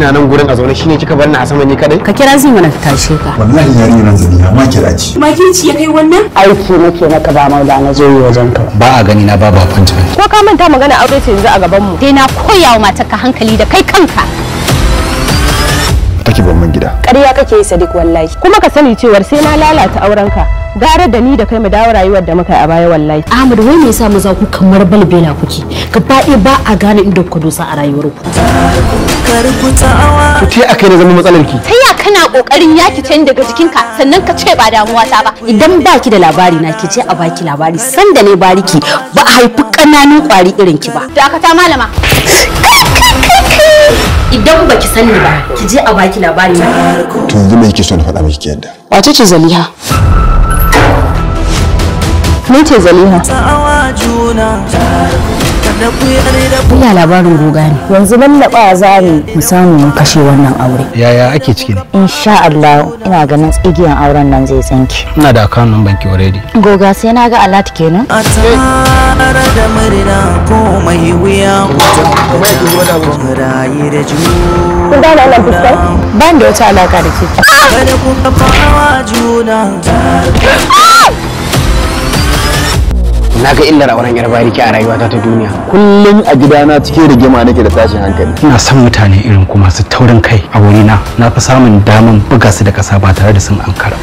kina nan gurin a zaune shine kika barna a sama ni kadai ka kira zai mana tashe ka wallahi yarinya nan yi ma kira ci. ce ci ya kai wannan aiki nake maka ba maula na zo wajen ka ba a gani na ba ba ko ka manta magana aure ce yanzu a gaban mu dai na koyawa ka hankali da kai kanka take ban man gida ƙarya kake yi sadiq wallahi kuma ka sani cewar sai na lalata aurenka gara da ni da kai mu dawo rayuwar da muka yi a baya wallahi ahmad wai me yasa maza ku kamar balbela kuke gaba ba a gane inda ku dosa a rayuwar ku ku ce akai na zama matsalar ki ta ya kana kokarin yaki can daga jikinka sannan ka ce ba damuwa ta ba idan baki da labari na ki ce a baki labari sanda ne bariki ba a haifi kananun kwari irin ki ba dakata malama idan baki sani ba ki je a baki labari na to yanzu me kike so na faɗa miki ki yadda wace ce zaliha ni ce zaliha Ina labarin goga ne. Yanzu lallaba za mu mu samu mun kashe wannan aure. Yaya ake ciki ne? Insha Allah ina ganin tsigiyan auren nan zai tsinki. Ina da account number ki already. Goga sai na ga alert kenan. A tare da murna ko mai wuya. Rayi da juna. Ban da wata alaka da ke. kuka fara wa juna. na ga illar auren yar ke a rayuwata ta duniya kullum a gidana cikin rigima nake da tashin hankali ina son mutane irin ku masu taurin kai a wurina na fi samun daman buga su da kasa ba tare da sun ankara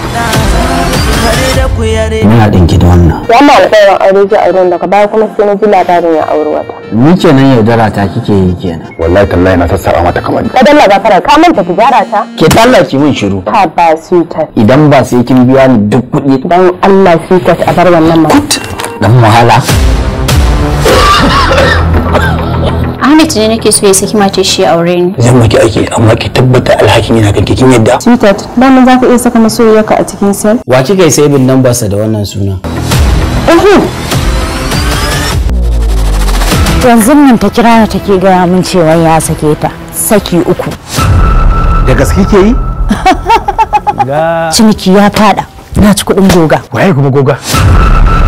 muna ɗinki da wannan ya ma alƙawarin aure ji auren daga baya kuma sai na ji labarin ya auri wata ni nan yaudara ta kike yi kenan wallahi tallahi na sassara mata kamar ka dalla fara ka manta tijara ta ke dalla ki min shiru ha ba ta. idan ba sai kin biya ni duk kuɗi dan Allah ka a bar wannan ma dan wahala Ahmed ne nake so ya saki mace shi aure ni. Zan maki ake amma ki tabbata alhakin yana kanki kin yadda. Titat, ba mun za ka iya saka masoyiyarka a cikin sel. Wa kika yi sabin number sa da wannan suna? ehu Yanzu nan ta kira ta take gaya min cewa ya sake ta. Saki uku. Da gaske ke yi? Ciniki ya fada. Na ci kuɗin goga. Waye kuma goga?